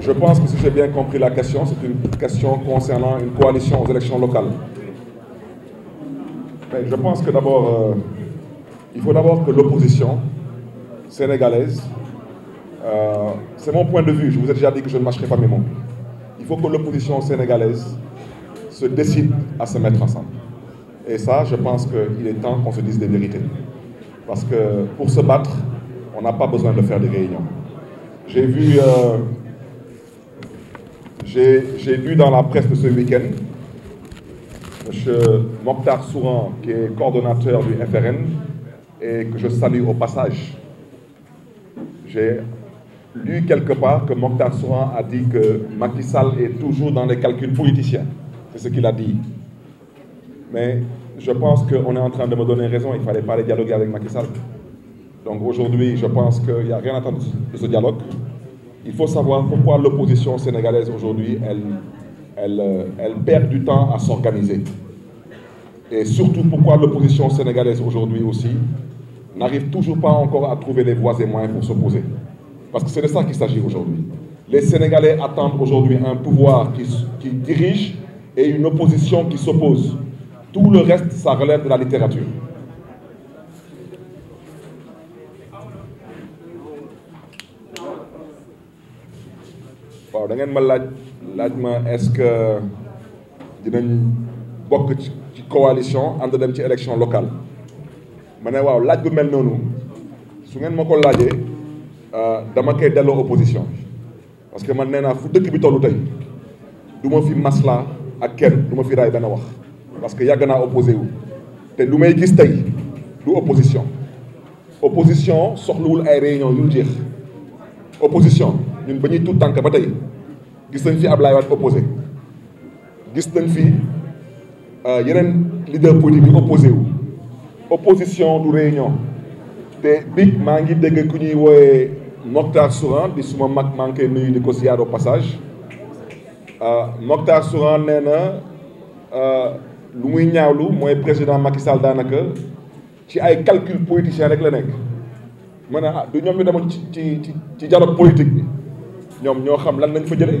Je pense que si j'ai bien compris la question, c'est une question concernant une coalition aux élections locales. je pense que d'abord, euh, il faut d'abord que l'opposition sénégalaise, euh, c'est mon point de vue, je vous ai déjà dit que je ne mâcherai pas mes mots, il faut que l'opposition sénégalaise se décide à se mettre ensemble. Et ça, je pense qu'il est temps qu'on se dise des vérités. Parce que pour se battre, on n'a pas besoin de faire des réunions. J'ai vu euh, j'ai lu dans la presse de ce week-end, M. Mokhtar Souran, qui est coordonnateur du FRN, et que je salue au passage. J'ai lu quelque part que Mokhtar Souran a dit que Macky Sall est toujours dans les calculs politiciens. C'est ce qu'il a dit. Mais je pense qu'on est en train de me donner raison, il ne fallait pas aller dialoguer avec Macky Sall. Donc aujourd'hui, je pense qu'il n'y a rien à attendre de ce dialogue il faut savoir pourquoi l'opposition sénégalaise aujourd'hui, elle, euh, elle, perd du temps à s'organiser. Et surtout pourquoi l'opposition sénégalaise aujourd'hui aussi n'arrive toujours pas encore à trouver les voies et moyens pour s'opposer. Parce que c'est de ça qu'il s'agit aujourd'hui. Les Sénégalais attendent aujourd'hui un pouvoir qui, qui dirige et une opposition qui s'oppose. Tout le reste, ça relève de la littérature. da ngeen ma laaj laaj ma est-ce que dinañ bokk ci coalition ànd dem ci élection locale ma ne waaw laaj bu mel noonu su ngeen ma ko laajee euh, dama koy delloo opposition parce que man nee naa fu dëkk bi tollu tey du ma fi masla ak kenn du ma fi raay benn wax parce que yàgg naa opposé wu te lu may gis tey du opposition opposition soxluwul ay réunion yu jeex opposition ñun ba ñuy tuut tànk ba tey gis nañ fi Ablaye Wade opposé gis nañ fi euh, yeneen leader politique opposé wu opposition du réunion te bi maa ngi dégg ku ñuy wooyee Mokhtar Souran di suma mag maa ngi koy nuyu di ko siyaar au passage euh, Mokhtar Souran nee na euh, lu muy ñaawlu mooy président Macky Sall daanaka ci ay calcul politique rek la nekk ma ne ah, du ñoom ñu demoon ci ci ci dialogue politique bi ñoom ñoo xam lan lañ fa jëlee.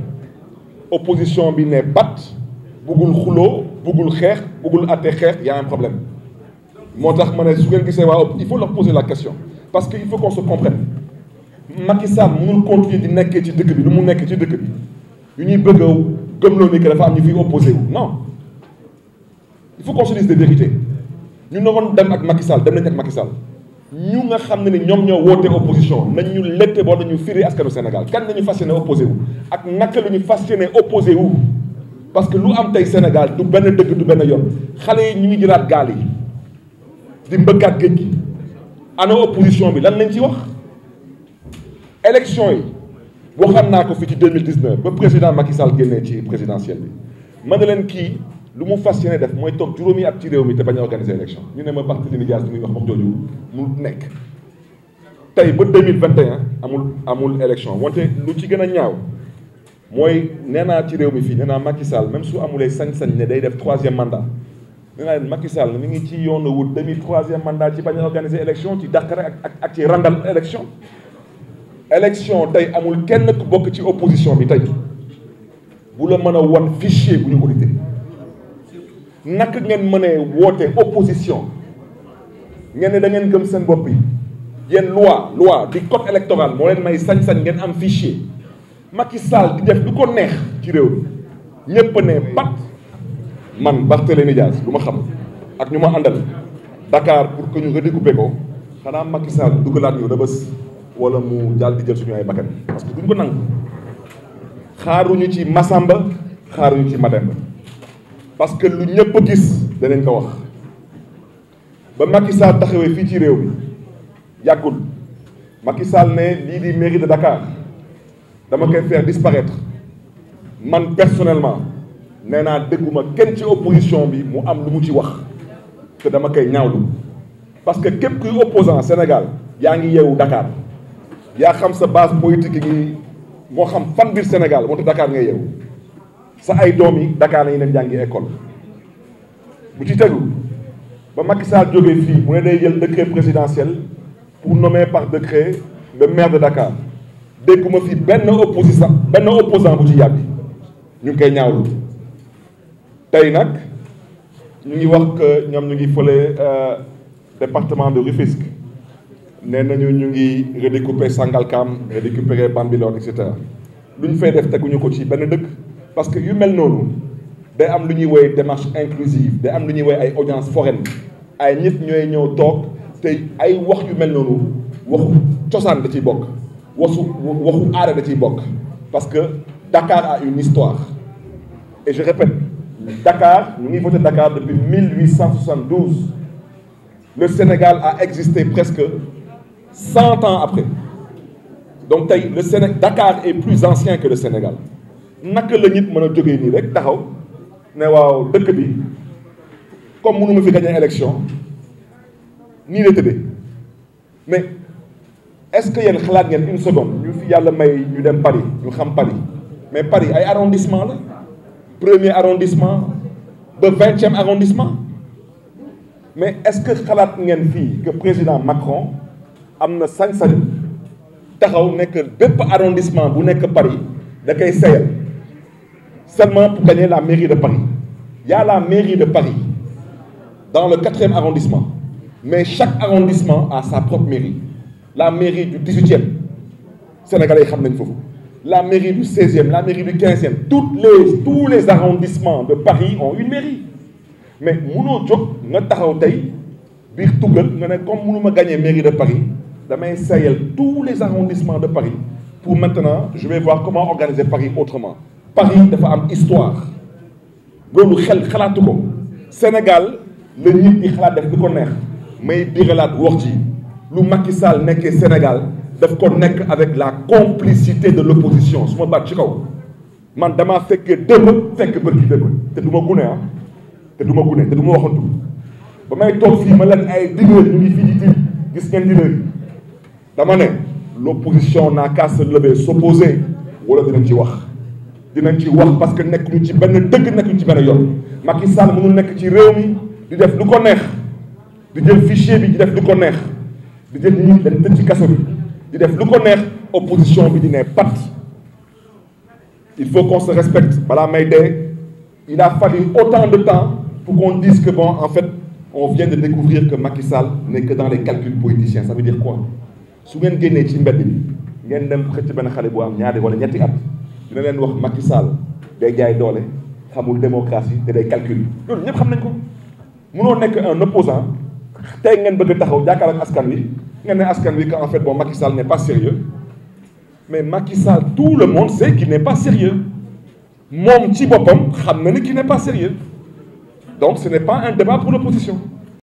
opposition bi ne bat buggul xulo buggul xex buggul até xex y a un problème motax mané su ngeen il faut leur poser la question parce que il faut qu'on se comprenne Macky Sall mënul continuer di nekkee ci dëkk bi lu mu nekk ci dëkk bi yu ñuy bëgg a lo ni que dafa am ñu fi opposé wu non il faut qu'on se dise des vérités ñu ne won dem ak Macky Sall dem nañ ak Macky Sall ñu nga xamné ne ni ñoom ñoo woote opposition nañ ñu lette bo nañu firi askanu Sénégal kan nañu fas opposé wu ak naka la ñu fas opposé wu parce que lu am tay Sénégal du benn dëgg du benn yoon xalé yi ñu ngi jëlaat gaal yi di mbëkkaat géej gi ana opposition bi lan lañ ci wax élection yi waxoon naa ko fi ci 2019 ba président Macky Sall génnee ci présidentielle bi ma ne leen kii lu mu fas def mooy toog juróomi at ci réew mi te bañ a organiser élection ñu ne ma Barthélémy Dias li muy wax jooju mu nekk tey ba 2021 amul amul élection wante lu ci gën a ñaaw mooy nee naa ci réew mi fii nee naa Macky Sall même su amulee sañ-sañ ne day def troisième mandat nee naa Macky Sall mi ngi ci yoonu wut demi troisième mandat ci bañ a organiser élection ci Dakar rek ak ak ci randal élection élection tey amul kenn ku bokk ci opposition bi tey bu la mën a wan fichier bu ñu audité nak ngeen mënee woote opposition ngeen da ngeen gëm seen bop bi yeen loi loi di code électoral mo leen may sañ-sañ ngeen am fichier Macky Sall di def du ko neex ci réew ñepp ne pat man Barthélémy Dias lu xam ak ñuma andal Dakar pour que ñu redécouper ko xana Macky Sall dugalaat ñu rëbës wala mu daal di jël suñu ay bakkan parce que duñ ko xaru ñu ci Massamba ñu ci Mademba parce que lu ñëpp a gis danañ ko wax ba Macky Sall taxawee fii ci réew mi yàggul Macky Sall ne lii di mairie de Dakar dama koy faire disparaître man personnellement nee naa dégguma kenn ci opposition bi mu am lu mu ci wax te dama koy ñaawlu parce que képp kuy opposant Sénégal yaa ngi yeewu Dakar yaa xam sa base politique yi moo xam fan biir Sénégal moo tax Dakar ngay yeewu sa ay doom yi Dakar lañu dem jàngi école bu ci tegu ba Macky Sall jógee fii mu ne day jël décret présidentiel pour nommer par décret le maire de Dakar dégguma fi benn opposant benn opposant bu ci yàgg ñu ngi koy ñaawlu tey nag ñu ngi wax que ñoom ñu ngi fële euh, département de Rufisque nee nañu ñu ngi redécouper Sangalkam redécouper Bambilor et cetera lu fay def teguñu ko ci benn dëkk parce que yu mel noonu day am lu ñuy woy démarche inclusive day am lu ñuy woy ay audience foraine ay nit ñooy ñëw toog te ay wax yu mel noonu waxu cosaan da ciy bokk waxu waxu aada da ciy bokk parce que Dakar a une histoire et je répète Dakar nous ngi voté Dakar depuis 1872 le Sénégal a existé presque 100 ans après donc le Dakar est plus ancien que le Sénégal naka la nit mën a jógee nii rek taxaw ne waaw dëkk bi comme mënu ma fi une élection nii la tëddee mais est-ce que yéen xalaat ngeen une seconde ñu fi yàlla may ñu dem Paris ñu xam Paris mais Paris ay arrondissement la premier arrondissement 20e arrondissement mais est-ce que xalaat ngeen fii que président Macron am na sañ-sañ taxaw nekk bépp arrondissement bu nekk Paris da koy seyal seulement pour gagner la mairie de Paris. Il y a la mairie de Paris dans le 4e arrondissement. Mais chaque arrondissement a sa propre mairie. La mairie du 18e, Sénégalais La mairie du 16e, la mairie du 15e. Toutes tous les arrondissements de Paris ont une mairie. Mais Mouno ne comme Mouno gagné mairie de Paris, tous les arrondissements de Paris pour maintenant, je vais voir comment organiser Paris autrement. Paris dafa am histoire loolu xel xalaatu ko Sénégal la nit ñi xalaat def ko neex may biralaat wax le Sénégal daf ko avec la complicité de l'opposition su ma baat ci kaw man dama te du gune ah. te du gune te du ma ba may ma leen ay ngi ne l'opposition n'a qu'à se lever s'opposer wala dinañ ci dinañ ci wax parce que nekk ci benn dëgg nekk ci benn yoon Macky Sall mënul nekk ci réew mi di def lu ko neex di jël fichier bi di def lu ko neex di jël ñi dañ tëj ci kaso bi di def lu ko neex opposition bi di ne pat il faut qu'on se respecte balaa may dee il a fallu autant de temps pour qu'on dise que bon en fait on vient de découvrir que Macky Sall n'est que dans les calculs politiciens ça veut dire quoi su ngeen génnee ci mbedd bi ngeen dem xëcc benn xale bu am ñaari wala ñetti at dina leen wax Macky Sall day jaay doole xamul démocratie te day calcul loolu ñëpp xam nañ ko munoo nekk un opposant tey ngeen bëgg taxaw jàkkaar ak askan wi ngeen ne askan wi que en fait bon Macky Sall n'est pas sérieux mais Macky Sall tout le monde sait qu'il n'est pas sérieux moom ci boppam xam na ni qu'il n'est pas sérieux donc ce n'est pas un débat pour l'opposition